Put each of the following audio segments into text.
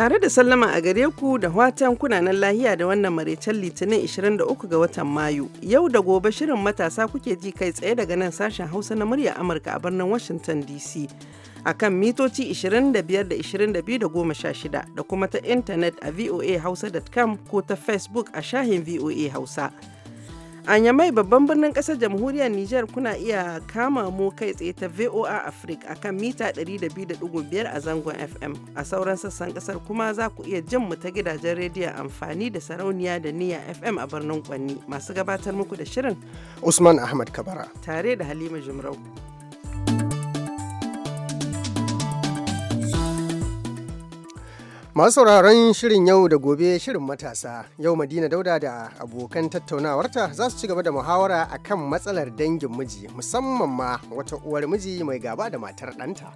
Tare da sallama a gare ku da watan kunanan lahiya da wannan maraicen litinin 23 ga watan Mayu. Yau da gobe shirin matasa kuke ji kai tsaye daga nan sashen Hausa na murya Amurka a birnin Washington DC. A kan mitoci 25 da da 16 da kuma ta intanet a voahausa.com ko ta Facebook a shahin VOA Hausa. A Yamai babban birnin ƙasar jamhuriyar Nijar kuna iya kama mu kai tsaye ta VOA Africa a kan mita 200.5 a zangon FM. A sauran sassan ƙasar kuma za ku iya jin mu ta gidajen rediyo amfani da sarauniya da niya FM a birnin Kwanni. Masu gabatar muku da shirin Usman Ahmad Kabara. Tare da Halima Jumrau. Masu sauraron shirin yau da gobe shirin matasa yau Madina Dauda da abokan tattaunawarta za su ci gaba da muhawara a kan matsalar dangin miji musamman ma wata uwar miji mai gaba da matar ɗanta.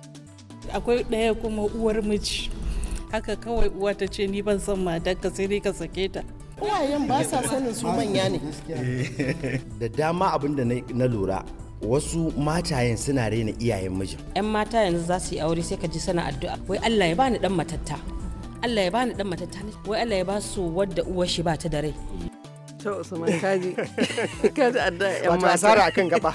Akwai ɗaya kuma uwar miji haka kawai uwa ta ce ni ban san matarka sai dai ka sake ta. Uwayen ba sa sanin su manya ne. Da dama abin da na lura wasu matayen suna raina iyayen mijin. 'Yan mata yanzu za su yi aure sai ka ji sana addu'a wai Allah ya bani dan matatta. Allah ya bani dan matatta wai Allah ya ba su wadda uwar shi ba ta da rai to Usman kaji kaji adda yan mata asara akan gaba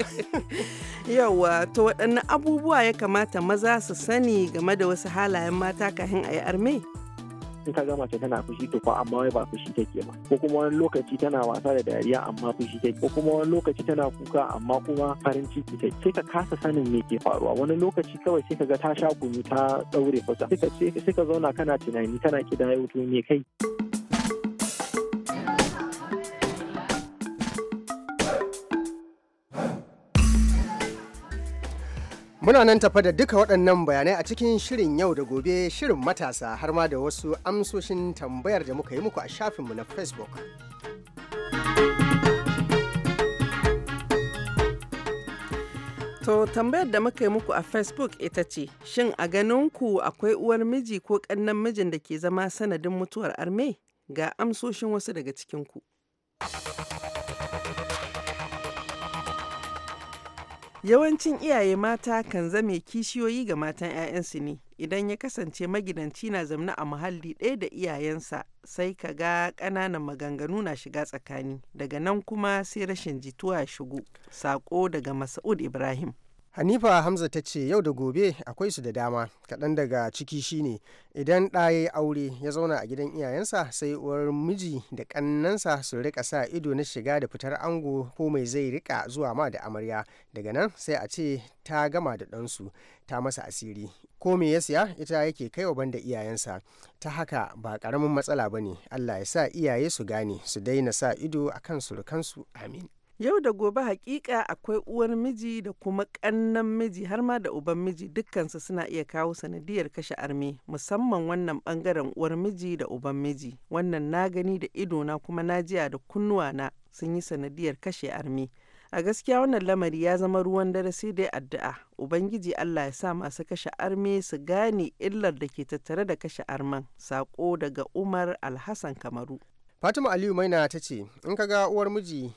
yawa to waɗannan abubuwa ya kamata maza su sani game da wasu halayen mata kafin a yi arme in ka gama tana fushi to fa amma wai ba fushi take ba ko kuma wani lokaci tana wasa da dariya amma fushi take ko kuma wani lokaci tana kuka amma kuma farin ciki take sai ka kasa sanin me ke faruwa wani lokaci kawai sai ka ga ta sha gumi ta daure kusa sai ka zauna kana tunani kana kidayo to me kai Muna nan tafa da duka waɗannan bayanai a cikin shirin yau da gobe shirin matasa har ma da wasu amsoshin tambayar da muka yi muku a shafinmu na Facebook. To tambayar da muka yi muku a Facebook ita ce, shin a ganin ku akwai uwar miji ko ƙannan mijin da ke zama sanadin mutuwar arme? Ga amsoshin wasu daga cikinku. ku. Yawancin iyaye mata kan zame kishiyoyi ga matan 'ya'yansu ne, idan ya kasance magidanci na zamna a muhalli ɗaya da iyayensa sai ka ga ƙananan maganganu na shiga tsakani, daga nan kuma sai rashin jituwa ya shigo. Sako daga Masa'ud Ibrahim. Hanifa Hamza ta ce yau da gobe akwai su da dama kaɗan daga ciki shine idan ɗa ya aure ya zauna a gidan iyayensa sai uwar miji da ƙannansa su rika sa ido na shiga da fitar ango ko mai zai rika zuwa ma da amarya daga nan sai a ce ta gama da ɗansu ta masa asiri ko me ya siya ita yake kai wa banda iyayensa ta haka ba ƙaramin matsala ba ne allah ya sa iyaye su gane su daina sa ido a kan surukansu amin Yau da gobe haƙiƙa akwai uwar miji da kuma ƙannan miji har ma da uban miji dukkansu suna iya kawo sanadiyar kashe arme musamman wannan bangaren uwar miji da uban miji wannan na gani da idona kuma na jiya da kunnuwa na sun yi sanadiyar kashe arme. A gaskiya wannan lamari ya zama ruwan dare sai dai addu'a. Ubangiji Allah ya sa masu kashe arme su gane illar da ke tattare da kashe arman. Sako daga Umar Alhassan Kamaru. Fatima Aliyu Maina ta ce, in ka ga uwar miji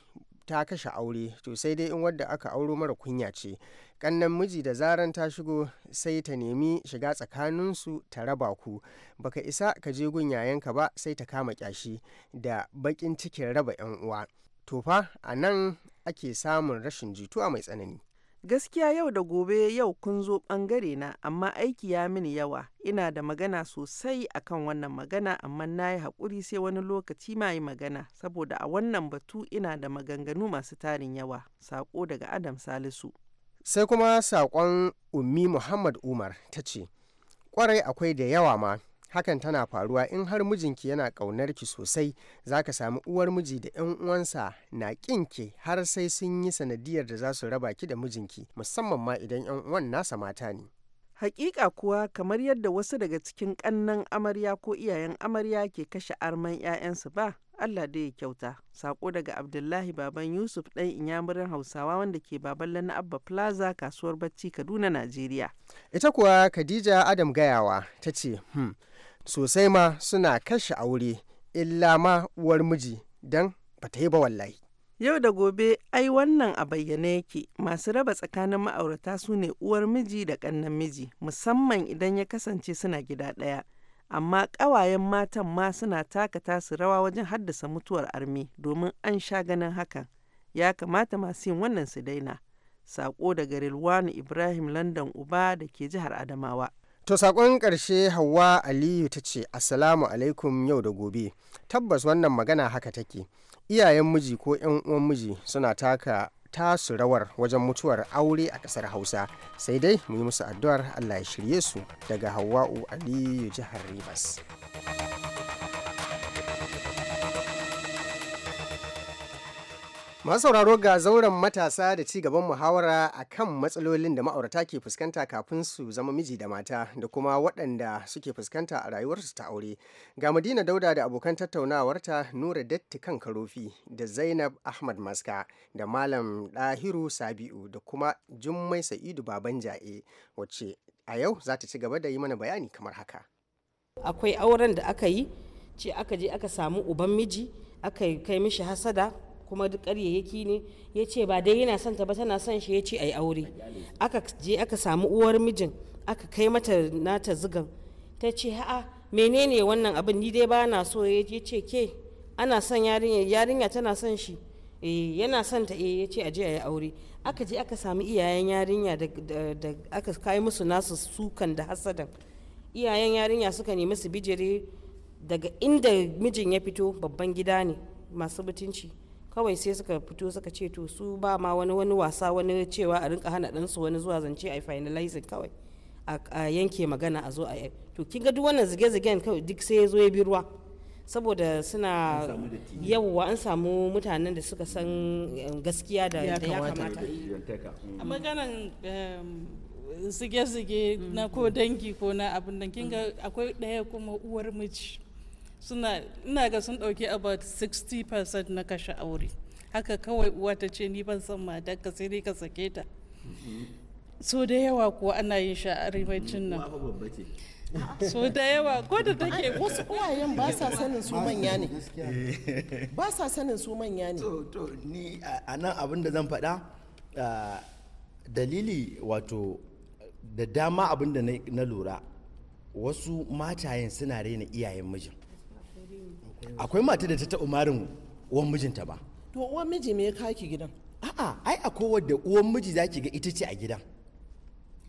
ta kashe aure to sai dai in wadda aka auro mara kunya ce kannan miji da zaran ta shigo sai ta nemi shiga tsakaninsu ta raba ku baka isa ka je gunyayenka ba sai ta kama kyashi da bakin cikin raba yan uwa to fa a nan ake samun rashin jituwa mai tsanani Gaskiya yau da gobe yau kun zo ɓangare na amma aiki ya mini yawa ina da magana sosai akan wannan magana amma na yi haƙuri sai wani lokaci ma yi magana saboda a wannan batu ina da maganganu masu tarin yawa sako daga Adam Salisu. Sai kuma saƙon Ummi Muhammad Umar ta ce, kwarai akwai da yawa ma hakan tana faruwa in har mijinki yana ƙaunar ki sosai za ka samu uwar miji da 'yan uwansa na ki har sai sun yi sanadiyar da za su raba ki da mijinki musamman ma idan 'yan uwan nasa mata ne Hakika kuwa kamar yadda wasu daga cikin ƙannan amarya ko iyayen amarya ke kashe arman 'ya'yansu ba, Allah da ya kyauta. Sako daga Abdullahi Baban Yusuf ɗan inyamurin Hausawa wanda ke baban na Abba Plaza kasuwar Bacci Kaduna, Najeriya. Ita kuwa Khadija Adam Gayawa ta ce, hmm, sosai ma suna kashe aure illa ma uwar miji don ba ta yi ba wallahi yau da gobe ai wannan a bayyane yake masu raba tsakanin ma'aurata su ne uwar miji da ƙannan miji musamman idan ya kasance suna gida ɗaya amma ƙawayen matan ma suna taka tasu rawa wajen haddasa mutuwar armi domin an sha ganin hakan ya kamata masu yin wannan su daina sako daga rilwanu ibrahim london uba da ke jihar adamawa To saƙon ƙarshe Hauwa Aliyu ta ce Assalamu alaikum yau da gobe. Tabbas wannan magana haka take. Iyayen miji ko 'yan uwan miji suna taka tasu rawar wajen mutuwar aure a ƙasar Hausa. Sai dai mu yi musu addu'ar Allah ya shirye su daga hauwa'u Aliyu jihar Rivers. masu sauraro ga zauren matasa da ci gaban muhawara a kan matsalolin da ma'aurata ke fuskanta kafin su zama miji da mata da kuma waɗanda suke fuskanta a rayuwarsu ta aure ga madina dauda da abokan tattaunawarta nura datti kan karofi da zainab ahmad maska da malam ɗahiru sabi'u da kuma jummai sa'idu baban ja'e wacce a yau za ta ci gaba da yi mana bayani kamar haka akwai auren da aka yi ce aka je aka samu uban miji aka kai mishi hasada kuma duk ƙaryayyaki ne ya ce ba dai yana son ta ba tana son shi ya ce a yi aure aka je aka samu uwar mijin aka kai mata nata zigan ta ce ha'a menene wannan abin ni dai ba na so ya ce ke ana son yarinya yarinya tana son shi eh yana son ta eh ya ce a a yi aure aka je aka samu iyayen yarinya da aka kai musu nasu sukan da hasadan iyayen yarinya suka nemi su bijire daga inda mijin ya fito babban gida ne masu mutunci kawai sai suka fito suka ce to su ba ma wani wani wasa wani cewa a rinka hana ɗansu wani zuwa zance a finalizing kawai a yanke magana a zo a to kin ga duk wannan zige-zigen kawai duk sai ya zo ya bi ruwa saboda suna yawwa an samu mutanen da suka san eh, gaskiya da ya kamata a mm. maganan zige-zige na ko mm. dangi ko na abin da ga akwai ɗaya kuma uwar miji suna ina ga sun ɗauki about 60% na kashe aure haka kawai uwa ta ce ni ban san matar ka sai dai ka sake ta so da yawa kuwa ana yin shi a arewacin nan so da yawa ko da take wasu uwayen ba sa sanin su manya ne ba sa sanin su manya ne to ni a nan abin da zan faɗa dalili wato da dama abin da na lura wasu matayen suna raina iyayen mijin akwai mata da ta taɓa marin uwan mijinta ba to uwan miji me ya kaki gidan a'a ai akwai wadda uwan miji zaki ga ita ce a gidan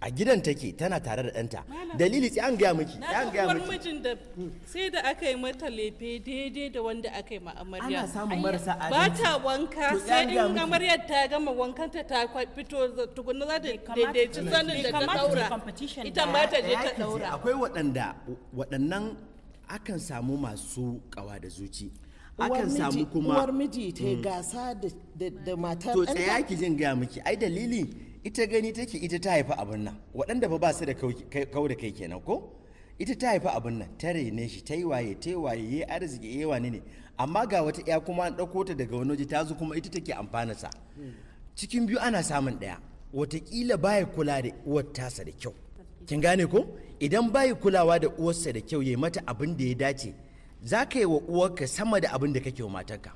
a gidan take tana tare da ɗanta dalili sai an gaya miki an ga miki mijin da sai da aka yi mata lefe daidai da wanda aka yi ma amarya ana samun marasa adalci ba ta wanka sai in amaryar ta gama wankan ta ta fito tukunna za ta daidaici sanin da ta daura ita ma ta je ta daura akwai waɗanda waɗannan akan samu masu kawa da zuci akan samu kuma uwar miji ta mm. gasa da matar to tsaya ki jin gaya miki ai dalili ita gani take ita ta haifi abin nan waɗanda ba su da kau da kai kenan ko ita ta haifi abin nan ta raine shi ta yi waye ta yi waye ya arziki ya wani ne amma ga wata ya kuma an ɗauko ta daga wani waje ta zo kuma ita take amfana sa mm. cikin biyu ana samun ɗaya watakila baya kula da uwar tasa da kyau kin gane ko idan bayi kulawa da uwarsa da kyau yayi mata abin da ya dace za ka yi wa uwarka sama da abin da kake wa matarka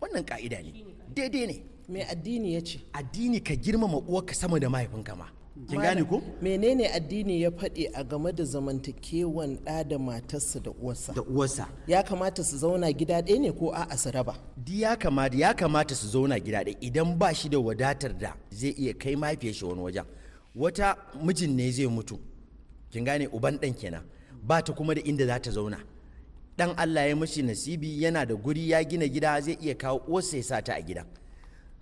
wannan ka'ida ne daidai ne mai addini ya ce addini ka girmama uwarka sama da mahaifinka ma kin gane ko menene addini ya faɗi a game da zamantakewan ɗa da matarsa da uwarsa da uwarsa ya kamata su zauna gida ɗaya ne ko a'a su raba di ya kamata ya kamata su zauna gida ɗaya idan ba shi da wadatar da zai iya kai mahaifiyar shi wani wajen wata mijin ne zai mutu kin gane uban ɗan kenan ba ta kuma da inda za ta zauna ɗan Allah ya mashi nasibi yana da guri ya gina gida zai iya kawo uwarsa ya sa ta a gidan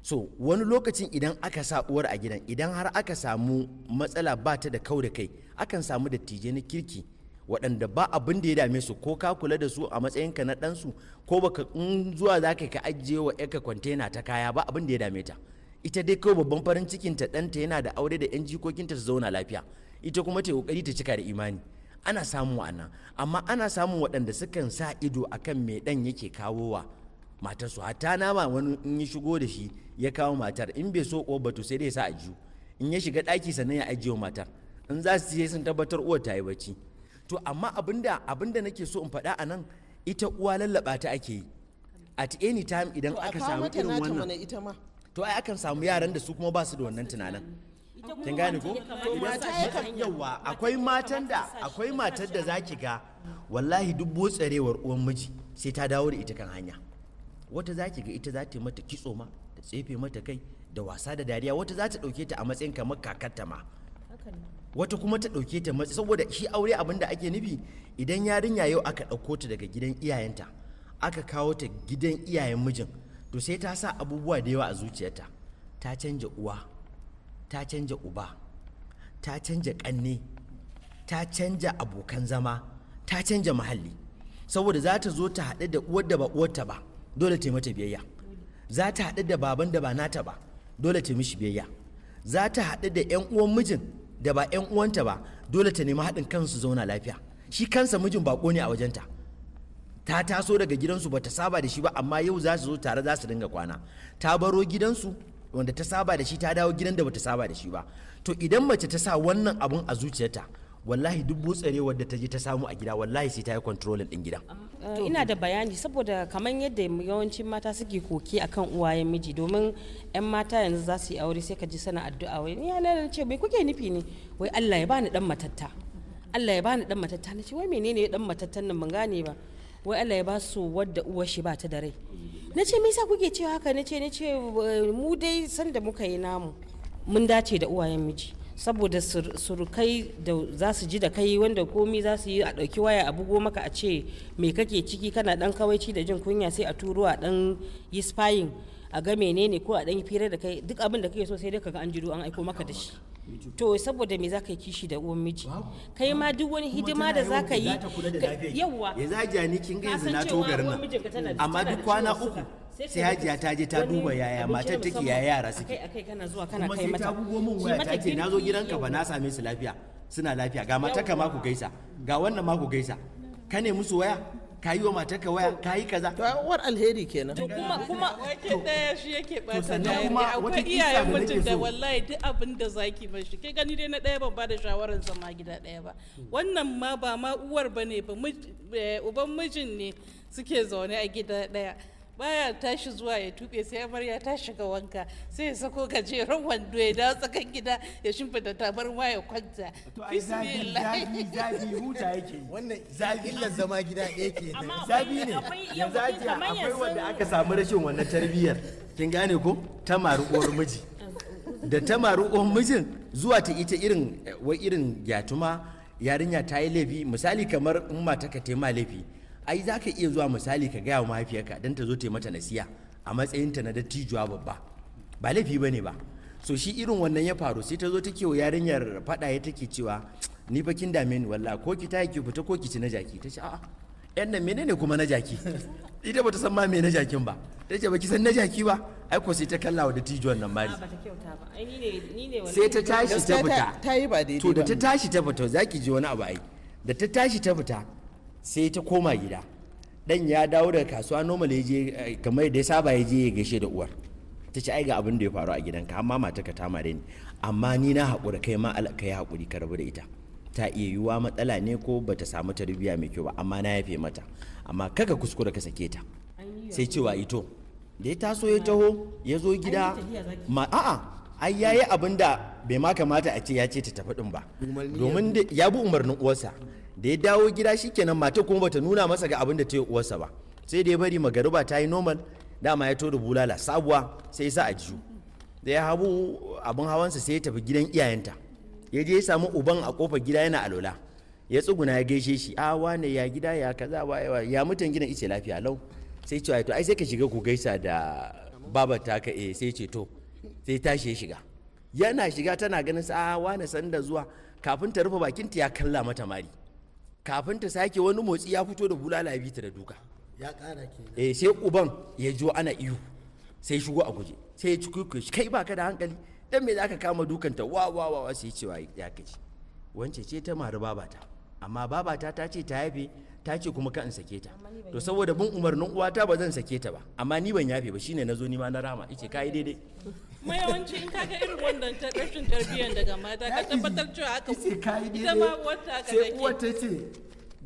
so wani lokacin idan aka sa uwar a gidan idan har aka samu matsala ba ta da kau da kai akan samu dattijai na kirki waɗanda ba abin da ya dame su ko ka kula da su a matsayin ka na ɗansu ko baka in zuwa zaka ka ajiye wa 'yarka kwantena ta kaya ba abin da ya dame ta ita dai kawai babban farin cikin ta ɗanta yana da aure da 'yan jikokinta su zauna lafiya ita kuma ta kokari ta cika da imani ana samu wannan amma ana samun waɗanda sukan sa ido akan me ɗan yake kawowa su hatta nama wani in ya shigo da shi ya kawo matar in bai so uwar bato sai dai sa ajiyu in ya shiga daki sannan ya ajiye wa matar in za su je sun tabbatar uwar ta yi bacci to amma abinda abinda nake so in faɗa a nan ita uwa lallaɓa ta ake yi at any time idan aka samu irin wannan to ai akan samu yaran da su kuma ba su da wannan tunanin kin gane ko yawa akwai matan da akwai matar da zaki ga wallahi duk botsarewar uwan miji sai ta dawo da ita kan hanya wata zaki ga ita za ta mata kitso ma ta tsefe mata kai da wasa da dariya wata za ta dauke ta a matsayin kamar kakarta ma wata kuma ta dauke ta matsayi saboda shi aure abin da ake nufi idan yarinya yau aka dauko ta daga gidan iyayenta aka kawo ta gidan iyayen mijin to sai ta sa abubuwa da yawa a zuciyarta ta canja uwa ta canja uba ta canja ƙanne ta canja abokan zama ta canja muhalli saboda za ta zo ta haɗu da uwar da ba uwarta ba dole ta mata biyayya za ta haɗu da baban da ba nata ba dole ta mishi biyayya za ta haɗu da 'yan uwan mijin da ba 'yan uwanta ba dole ta nemi haɗin kansu zauna lafiya shi kansa mijin baƙo ne a wajenta ta taso daga gidansu bata saba da shi ba amma yau za su zo tare za su dinga kwana ta baro gidansu wanda ta saba da shi ta dawo gidan da bata saba da shi ba to idan mace ta sa wannan abun a zuciyarta wallahi duk butsare wadda ta je ta samu a gida wallahi sai ta yi controlling din gidan eh, ina da bayani saboda kamar yadda yawancin mata suke koke akan uwayen miji domin yan mata yanzu za su yi aure sai ka ji sana addu'a wai ni yana ce bai kuke nufi ne wai Allah ya bani dan matatta Allah ya bani dan matatta na ce wai menene dan matattan nan ban gane ba wai Allah ya ba su wadda uwar shi ba ta da rai na ce me yasa kuke cewa haka na ce eh, mu dai sanda muka yi namu mun dace da uwayen miji saboda surukai da za su ji da kai wanda komi za su yi a ɗauki waya a bugo maka a ce me kake ciki kana ɗan kawaici da jin kunya sai a turo a ɗan yi spying a ga menene ko a dan yi fira da kai duk abin da kake so sai dai ga an jiro an aiko maka da shi to saboda me zaka yi kishi da uwan miji kai ma duk wani hidima da zaka yi yawa ya zaja ni kin ga yanzu na to garin amma duk kwana uku sai hajiya ta je ta duba yaya matar take yaya yara suke akai kana zuwa kana kai mata kuma sai ta bugo min waya ta ce na zo gidanka ba na same su lafiya suna lafiya ga ka ma ku gaisa ga wannan ma ku gaisa ka ne musu waya ka yi wa matarka waya ka yi kaza to war alheri kenan to kuma kuma wake da shi yake bata da kuma akwai iyayen mutum da wallahi duk abin da zaki ba shi ke gani dai na daya ban bada shawaran zama gida daya ba wannan ma ba ma uwar bane ba eh, uban mijin ne suke zaune a gida daya baya tashi zuwa ya tuɓe sai amarya ta shiga wanka sai ya sako gajeren wando ya dawo tsakan gida ya shimfida ma ya kwanta to ai zabi zabi zabi huta yake wannan zabi illar zama gida ɗaya ke zabi ne yanzu ajiya akwai wanda aka samu rashin wannan tarbiyyar kin gane ko ta maruƙuwar miji da ta maruƙuwar mijin zuwa ta ita irin wa irin gyatuma yarinya ta yi laifi misali kamar in mata ka tema laifi ai za ka iya zuwa misali ka gaya wa mahaifiyarka don ta zo ta yi mata nasiya a matsayinta na dattijuwa babba ba laifi ba ne ba so shi irin wannan ya faru sai ta zo ta kewa yarinyar faɗa ya take cewa ni fa kin dame ni walla ko ki tayi ki fita ko ki ci na jaki ta ce a'a yan nan menene kuma na jaki ita bata san ma me na jakin ba ta ce ba ki san na jaki ba ai ko sai ta kallawa wa dattijuwan nan mari sai ta tashi ta fita to da ta tashi ta fita zaki ji wani abu ai da ta tashi ta fita sai ta koma gida dan ya dawo daga kasuwa normal ya je eh, kamar da ya saba ya je ya gaishe da uwar ta ce ai ga abin da ya faru a gidanka amma mata ka tama da ni amma ni na haƙura kai ma ka yi haƙuri ka rabu da ita ta iya yiwuwa matsala ne ko bata samu tarbiyya mai kyau ba amma na yafe mata amma kaka kuskura ka sake ta sai cewa ito da ya taso ya taho ya zo gida ma a'a ai yayi abin da bai ma kamata a ce ya ce ta tafi din ba domin ya bi umarnin uwarsa da ya dawo gida shikenan mata kuma bata nuna masa ga abin da ta yi uwarsa ba sai da ya bari magariba ta yi normal dama ya to da bulala sabuwa sai sa a jiyo da ya habu abin hawansa sai ya tafi gidan iyayenta ya je ya samu uban a kofar gida yana alola ya tsuguna ya gaishe shi a ah, wane ya gida ya kaza ba ya mutan gidan ice lafiya lau sai ce to ai sai ka shiga ku gaisa da babar ka eh sai ce to sai tashi ya shiga yana shiga tana ganin sa a ah, wane sanda zuwa kafin ta rufe bakinta ya kalla mata mari kafin ta sake wani motsi ya fito da bulala ya bita da duka ya kara ke eh sai uban ya jo ana iyo sai shigo a guje sai ya ci kuku kai baka da hankali dan me zaka kama dukanta wa wa wa sai cewa ya kace wance ce ta mari babata amma babata ta ce ta yafe ta ce kuma ka in sake ta to saboda bin umarnin uwata ba zan sake ta ba amma ni ban yafe ba shine nazo ni ma na rama ice kai daidai mayawanci in ga irin wannan ta rashin tarbiyyar daga mata ka tabbatar cewa aka ce kai ne wata ka sai uwar ta ce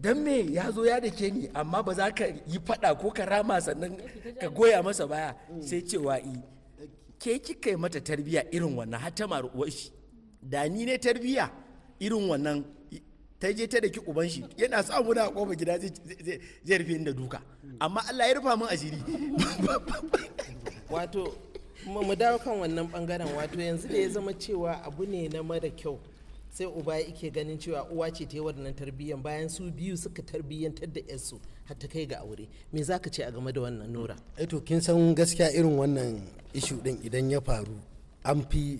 dan me ya zo ya dake ni amma ba za ka yi fada ko ka rama sannan ka goya masa baya sai cewa i ke kika yi mata tarbiyya irin wannan har ta maruwar shi da ni ne tarbiyya irin wannan ta je ta daki uban shi yana sa muna a kofa gida zai rufe da duka amma Allah ya rufa min asiri wato mu dawo kan wannan bangaren wato yanzu da ya zama cewa abu ne na mara kyau sai uba yake ganin cewa uwa ce ta yi wannan tarbiyyan bayan su biyu suka tarbiyyantar da yarsu har ta kai ga aure me za ka ce a game da wannan nora eh to kin san gaskiya irin wannan ishu din idan ya faru an fi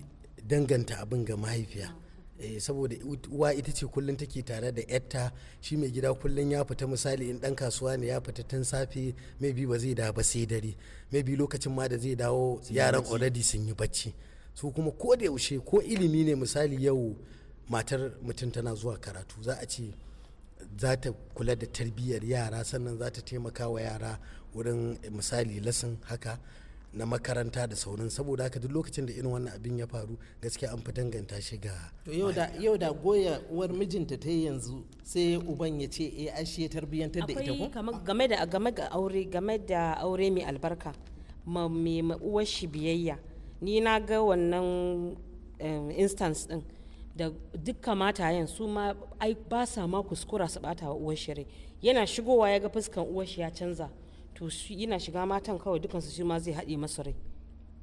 danganta abin ga mahaifiya Eh, saboda uwa ita ce kullum take tare da yatta shi mai gida kullum ya fita misali in dan kasuwa ne ya fita tun safe bi ba zai da ba sai dare mai bi lokacin ma da zai dawo yaran already sun yi bacci su kuma ko da yaushe ko ilimi ne misali yau matar mutum tana zuwa karatu za a ce za ta kula da tarbiyyar yara sannan za ta taimaka wa yara wurin misali lasin haka na makaranta da sauran saboda haka duk lokacin da irin wannan abin ya faru gaskiya an fi danganta shi ga to yau da goya uwar mijinta ta yanzu sai uban ya ce eh ai ya tarbiyantar da ita ko game da game da aure game da aure mai albarka ma me uwar shi biyayya ni na ga wannan instance din da dukkan matayen su ma ai ba sa ma kuskura su bata wa uwar shi yana shigowa ya ga fuskan uwar shi ya canza to shi yana shiga matan kawai dukansu shi ma zai haɗe masa rai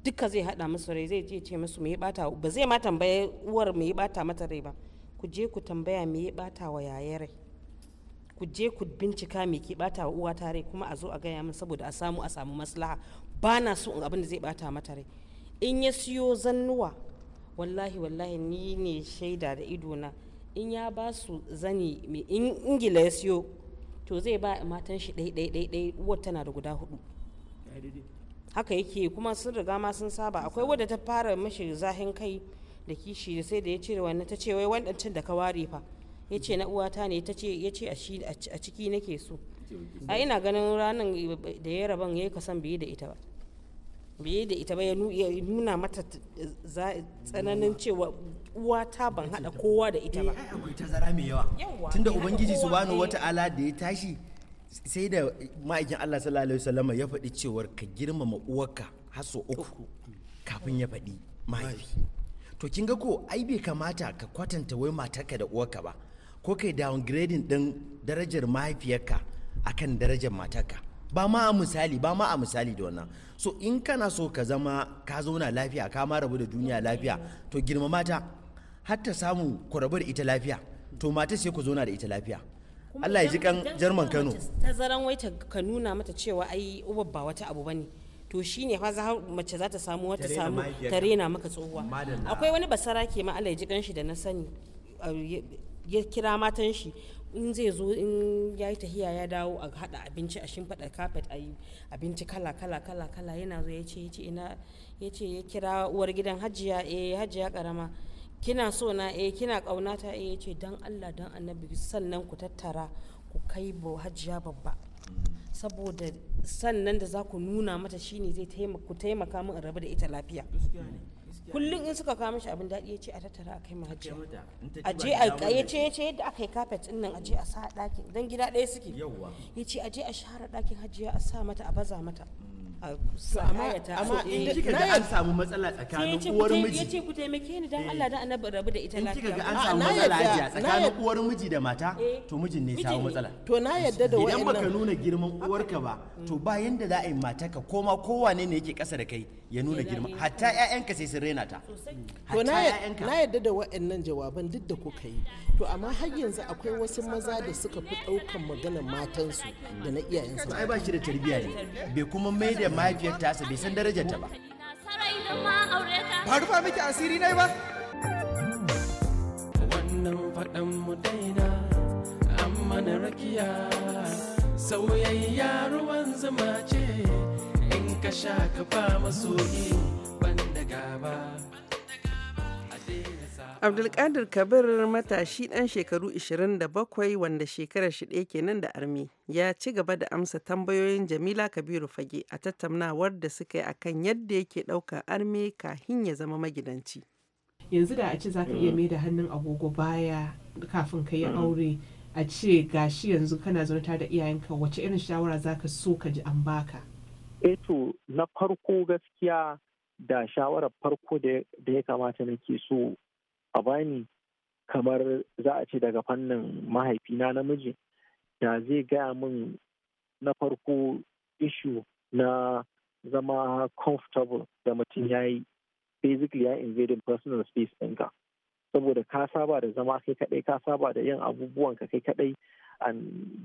duka zai haɗa masu rai zai je ce masu me bata ba zai ma tambaya uwar me bata mata rai ba ku je ku tambaya me ya bata wa yaya rai ku je ku bincika me ke bata wa uwa ta rai kuma a zo a gaya min saboda a samu a samu maslaha ba na so in abin da zai bata mata rai in ya siyo zannuwa wallahi wallahi ni ne shaida da idona in ya ba su zani mai ingila ya siyo to zai ba matan shi ɗai ɗai ɗai uwar tana da guda hudu haka yake kuma sun riga ma sun saba akwai wadda ta fara mashi zahin kai da kishi sai da ya cire wannan ta ce wai cin da ka ware fa ya ce na uwata ne ta ce ya ce a ciki nake so a ina ganin ranar da ya raban ya yi kasan biye da ita ba biye da ita ba ya nuna mata tsananin cewa uwata ban haɗa kowa da ita ba. Eh, akwai tazara mai yawa. Tunda Ubangiji Subhanahu ala da ya tashi sai da ma'aikin Allah sallallahu alaihi wasallama ya faɗi cewar ka girmama uwarka haso uku kafin ya faɗi mahaifi. To kin ga ko ai bai kamata ka kwatanta wai matarka da uwarka ba ko kai downgrading ɗin darajar mahaifiyarka akan darajar matarka. ba ma a misali ba ma a misali da wannan so in kana so ka zama ka zauna lafiya ka ma rabu da duniya lafiya to girmama ta har ta samu ku da ita lafiya to mata sai ku zauna da ita lafiya Allah ya ji kan jarman Kano tazaran wai ta ka nuna mata cewa ai uba ba wata abu bane to shine fa za mace za ta samu wata samu ta rena maka tsohuwa akwai wani basara ke ma Allah ya ji kan shi da na sani ya kira matan shi in zai zo in ya yi tahiya ya dawo a hada abinci a shimfiɗa carpet a yi abinci kala kala kala kala yana zo ya ce ya ce ina ya ce ya kira uwar gidan hajiya eh hajiya karama kina so na eh kina ƙaunata eh yace dan Allah dan annabi sannan ku tattara ku kai bo hajjiya babba saboda sannan da za ku nuna mata shine zai ku taimaka min rabu da ita lafiya kullum in suka kawo mishi abin daɗi ya ce a tattara a kai mahajjiya a je a ya ce yadda aka yi carpet din nan a je a sa dakin don gida ɗaya suke ya ce a je a share dakin hajjiya a sa mata a baza mata amma in eh, kika ga an samu matsala tsakanin uwar miji yace ku taimake ni dan eh. Allah dan annabi rabu da ita lafiya kika ga an samu matsala hajiya tsakanin uwar miji da mata eh, to mijin ne samu matsala to na yadda da wa'annan idan baka nuna girman uwarka ba to mm. ba yanda za a yi mataka koma ma kowane ne yake kasa da kai ya nuna girma hatta ƴaƴanka sai sun rena ta to na yadda da wa'annan jawaban duk da kuka yi to amma har yanzu akwai wasu maza da suka fi ɗaukan maganar matansu da na iyayensu ai ba shi da tarbiyya ne bai kuma mai da mahaifiyar tasa bai san darajar ta ba ba rufa miki asiri nai ba wannan faɗan mu daina amma na rakiya sauyayya ruwan zuma ce ka sha ka ba da gaba Abdulkadir Kabir matashi ɗan shekaru 27 wanda shekarar shi ɗaya nan da armi ya ci gaba da amsa tambayoyin Jamila Kabiru Fage a tattaunawar da suka yi akan yadda yake ɗaukar armi kahin ya zama magidanci. Yanzu da a ce za ka iya mai da hannun agogo baya kafin ka yi mm. aure a ce gashi yanzu kana zaune da iyayenka wace irin shawara za ka so ka ji an baka. eto eh na farko gaskiya da shawarar farko da ya kamata nake so a bani kamar za a ce daga fannin mahaifina namiji da zai gaya min na farko ishu na zama comfortable da mutum ya yi basically ya invading personal space ɗinka saboda ka saba da zama kai kaɗai ka saba da yin abubuwan ka kai kaɗai a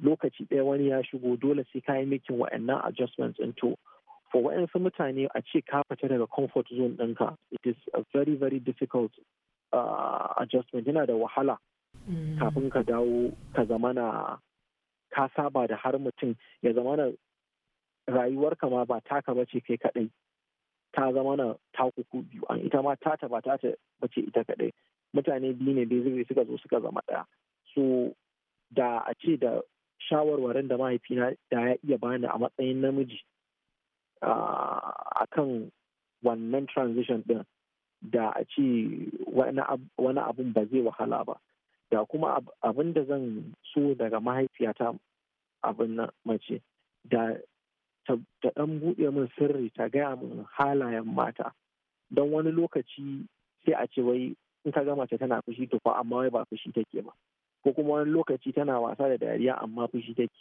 lokaci ɗaya wani ya shigo dole sai ka yi making wa'annan adjustments into for wa'ansu mutane a ce ka fita daga comfort zone ɗinka it is a very very difficult uh, adjustment yana da wahala mm. kafin ka dawo ka zamana ka saba da har mutum ya zamana rayuwarka ma ba taka bace kai kaɗai ta zama na taku ku biyu an ita ma tata ba tata bace ita kaɗai mutane biyu ne dai suka zo suka zama ɗaya so da a ce da shawarwarin da mahaifina da ya iya bani a matsayin namiji a kan wannan transition din da a ce wani abun ba zai wahala ba da kuma abin da zan so daga mahaifiyata abin na mace da ta dan buɗe min sirri ta gaya min halayen mata don wani lokaci sai a ce wai in ka ga mace tana fushi to fa amma wai ba fushi take ba ko kuma wani lokaci tana wasa da dariya amma fushi take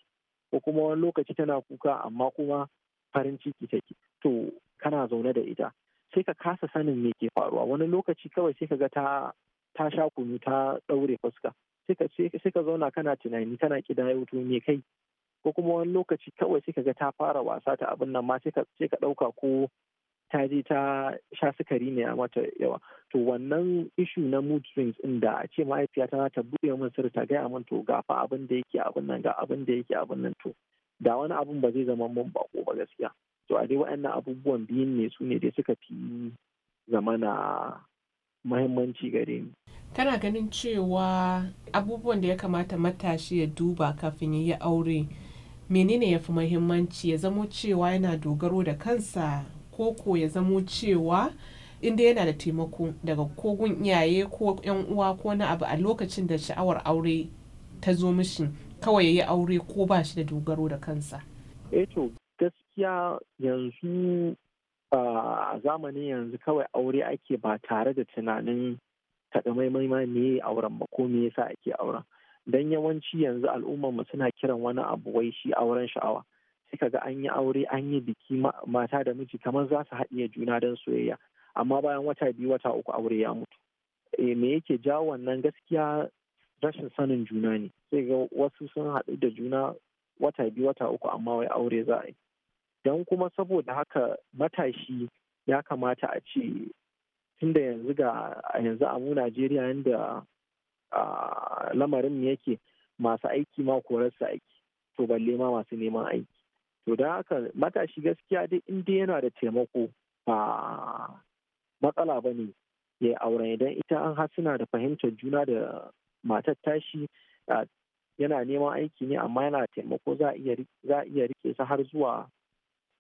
ko kuma wani lokaci tana kuka amma kuma farin ciki take to kana zaune da ita sai ka kasa sanin me ke faruwa wani lokaci kawai sai ka ga ta ta sha kunu ta daure fuska sai ka zauna kana tunani kana kidayo to me kai ko kuma wani lokaci kawai sai ka ga ta fara wasa ta abin nan ma sai ka dauka ko ta je ta sha sukari ne a mata yawa to wannan ishu na mood swings inda a ce mahaifiya tana ta buɗe min sirri ta gaya min to ga fa abin da yake abin nan ga abin da yake abin nan to da wani abun ba zai zama mun bako ba gaskiya to a dai waɗannan abubuwan biyun ne su ne dai suka fi zama na mahimmanci gare ni tana ganin cewa abubuwan da ya kamata matashi ya duba kafin ya yi aure menene ya fi muhimmanci ya zamo cewa yana dogaro da kansa koko ya zamo cewa inda yana da taimako daga kogun iyaye ko yan uwa ko na abu a lokacin da sha'awar aure ta zo mishi kawai ya yi aure ko ba shi da dogaro da kansa. Eto eh gaskiya yanzu a zamanin yanzu kawai aure ake ba tare da tunanin takamaimai me auren ba ko me yasa ake auren. don yawanci yanzu al'ummar mu suna kiran wani abu wai shi auren sha'awa. sai kaga an yi aure an yi biki mata da miji kamar za su haɗiye juna don soyayya amma bayan wata biyu wata uku aure ya mutu e, me yake jawo wannan gaskiya rashin sanin juna ne sai ga wasu sun haɗu da juna wata biyu wata uku amma wai aure za a yi don kuma saboda haka matashi ya kamata a ce tunda yanzu ga yanzu a mu najeriya yanda lamarin yake masu aiki ma korarsa aiki to balle ma masu neman aiki to da haka matashi gaskiya dai in dai yana da taimako ba matsala ba ne ya yi auren idan ita an har da fahimtar juna da matar tashi yana neman aiki ne amma yana taimako za a iya rike sa har zuwa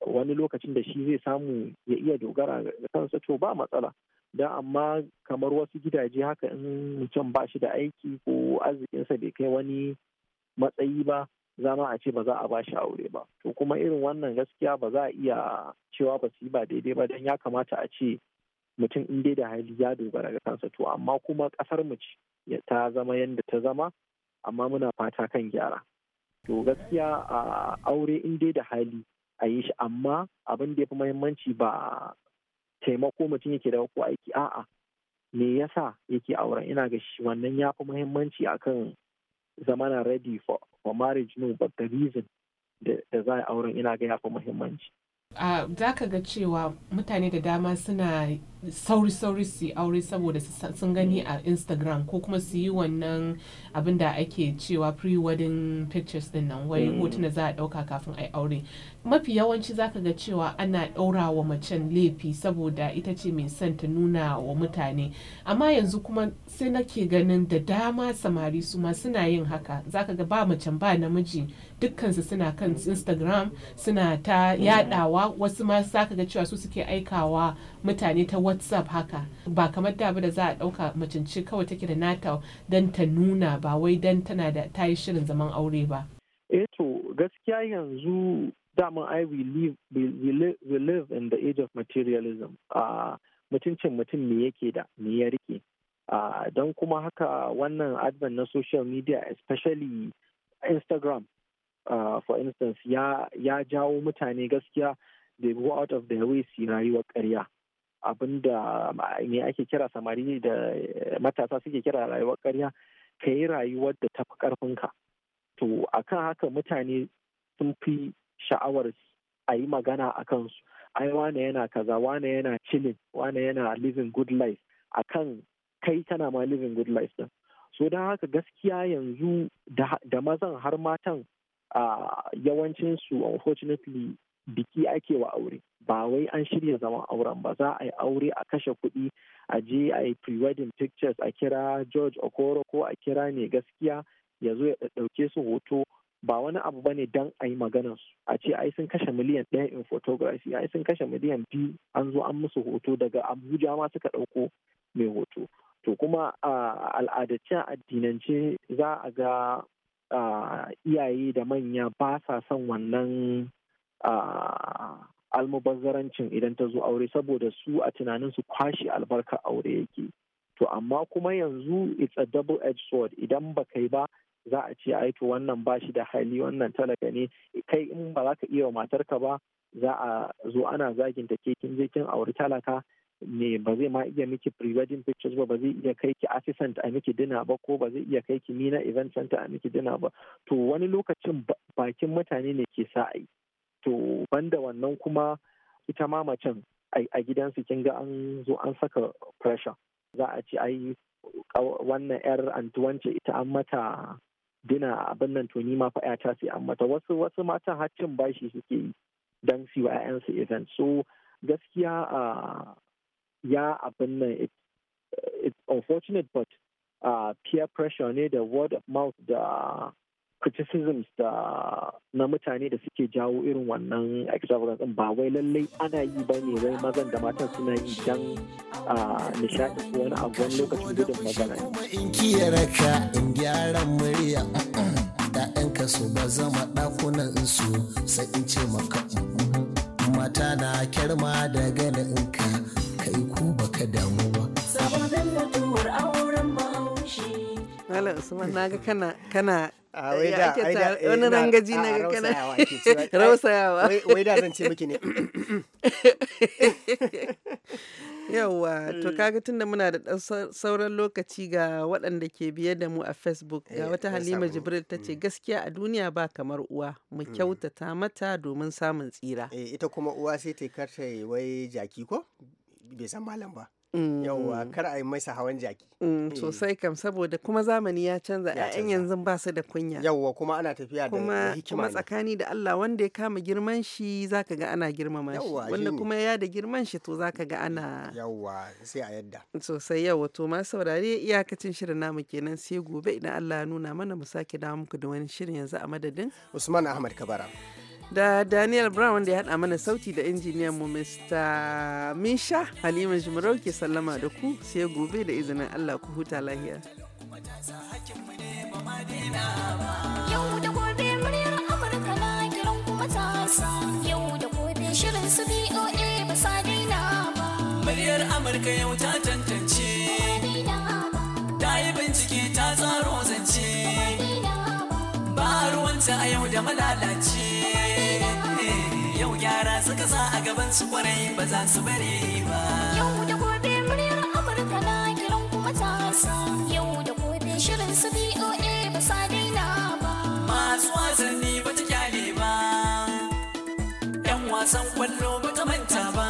wani lokacin da shi zai samu ya iya dogara da kansa to ba matsala Da amma kamar wasu gidaje haka in mutum ba shi da aiki ko arzikinsa bai kai wani matsayi ba zama a ce ba za a ba shi aure ba to kuma irin wannan gaskiya ba za a iya cewa ba su yi ba daidai ba don ya kamata a ce mutum in dai da hali ya dogara ga kansa to amma kuma kasar mu ce ta zama yadda ta zama amma muna fata kan gyara to gaskiya a aure in dai da hali a yi shi amma abin da ya fi muhimmanci ba taimako mutum yake da ko aiki a'a me yasa yake auren ina ga shi wannan ya fi muhimmanci akan zamana ready for, for marriage no but the reason da za a auren ina ga yafi muhimmanci. Ah, za ka ga cewa mutane da dama suna sauri-sauri su aure saboda sun gani a instagram ko kuma su yi wannan abin da ake cewa pre-wedding pictures din nan wai mm. hotuna za a ɗauka kafin a yi aure mafi yawanci zaka ga cewa ana daura wa macen laifi saboda ita ce mai son ta nuna wa mutane amma yanzu kuma sai nake ganin da dama samari su ma suna yin haka zaka ga ba macen ba namiji dukkansu suna kan instagram suna ta mm. yadawa wasu ma zaka ga cewa su suke aikawa mutane ta whatsapp haka ba kamar da da za a ɗauka macinci kawai take da nata don ta nuna ba wai don tana da ta yi shirin zaman aure ba eh to gaskiya yanzu dama i we live, in the age of materialism mutuncin mutum me yake da me ya rike uh, don kuma haka wannan advent na social media especially instagram uh, for instance ya, jawo mutane gaskiya they go out of their way su rayuwar karya abin da me ake kira samari da matasa suke kira rayuwar karya ka yi rayuwar da tafi karfinka to a kan haka mutane sun fi sha'awar a yi magana a kansu ai wane yana kaza wane yana chilling wane yana living good life kan kai tana ma living good life din so don haka gaskiya yanzu da mazan har matan yawancinsu unfortunately biki ake wa aure ba wai an shirya zaman auren ba za a yi aure a kashe kuɗi a je a yi pre-wedding pictures a kira george okoro ko a kira ne gaskiya ya zo ya ɗauke su hoto ba wani abu ba ne don a yi maganar su a ce ai sun kashe miliyan ɗaya in photography ai sun kashe miliyan biyu an zo an musu hoto daga abuja ma suka ɗauko mai hoto to kuma a al'adace addinance za a ga iyaye da manya ba sa son wannan almubazzarancin idan ta zo aure saboda su a tunanin su kwashe albarkar aure yake to amma kuma yanzu it's a double edged sword idan ba kai ba za a ce ai to wannan bashi da hali wannan talaka ne kai in ba za ka iya wa matarka ba za a zo ana zagin ta ke kin je kin auri talaka ne ba zai ma iya miki pre-wedding pictures ba ba zai iya kai ki assistant a miki dina ba ko ba zai iya kai ki mina event center a miki dina ba to wani lokacin bakin mutane ne ke sa to banda wannan kuma ita ma macen a gidansu kin ga an zo an saka pressure za a ce ai wannan yar antuwance ita an mata dina abin nan to ni ma fa ta sai an mata wasu wasu matan haccin bashi suke yi don su yi su event so gaskiya ya abin nan it's unfortunate but uh, peer pressure ne da word of mouth da criticisms da na mutane da suke jawo irin wannan extravagance ba wai lallai ana yi ba ne wai mazan da matan suna yi dan nishaɗi ko wani abu wani lokacin gudun magana. In kiyara ka in gyara murya uh-uh. ka su ba zama ɗakunan su sai in ce maka mm-hmm. mata na kyarma da ganin ka kai ko baka damu Malam Usman na ga kana kana ah, eh, wani rangaji na ah, ga kana rausayawa. Wai da zan ce miki ne. Yawwa, to mm. kaga tun da muna da ɗan sauran lokaci ga waɗanda ke biye da mu a Facebook ga eh, wata Halima Jibril ta ce mm. gaskiya a duniya ba kamar uwa mu mm. kyautata mata domin samun tsira. Eh, ita kuma uwa sai ta karta wai jaki ko? Bai san malam ba. yauwa mm. kar a yi masa hawan jaki mm, eh. sosai kam saboda kuma zamani ya canza ya'yan yanzu ba su da kunya yauwa kuma ana tafiya da hikima kuma tsakani da Allah wanda ya kama girman shi zaka ga ana girmama shi wanda kuma ya da girman shi to zaka ga ana yauwa sai a yadda sosai yauwa to ma saurare iyakacin shirin namu kenan sai gobe idan Allah ya nuna mana mu sake dawo muku da wani shirin yanzu a madadin Usman Ahmad Kabara da Daniel Brown wanda ya haɗa mana sauti da injiniyan mu Mr. Misha Halima Jumarau ke sallama da ku sai gobe da izinin Allah ku huta lahiya. Yau da gobe muryar Amurka na kiran kuma ta yau da gobe shirin su BOA ba sa daina ba. Muryar Amurka yau ta tantance ruwanta a yau da malalace yau gyara suka sa a gaban su kwarai ba za su bare ba yau da gobe muryar amurka na kiran kuma tasa yau da gobe shirin su boa ba sa daina ba masu wasanni ba ta kyale ba yan wasan kwallo ba ta manta ba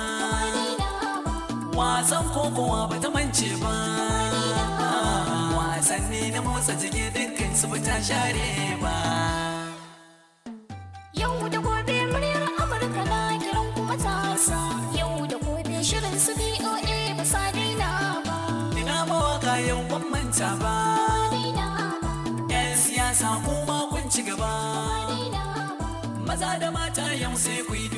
wasan kokowa ba ta mance ba na motsa jiki dukkan su ta share ba yau da gobe muryar amurka na kiran kuma tasa yau da gobe shirin su boa ba sa daina ba ina mawaka yau ban manta ba yan siyasa kuma kun ci gaba maza da mata yau sai ku yi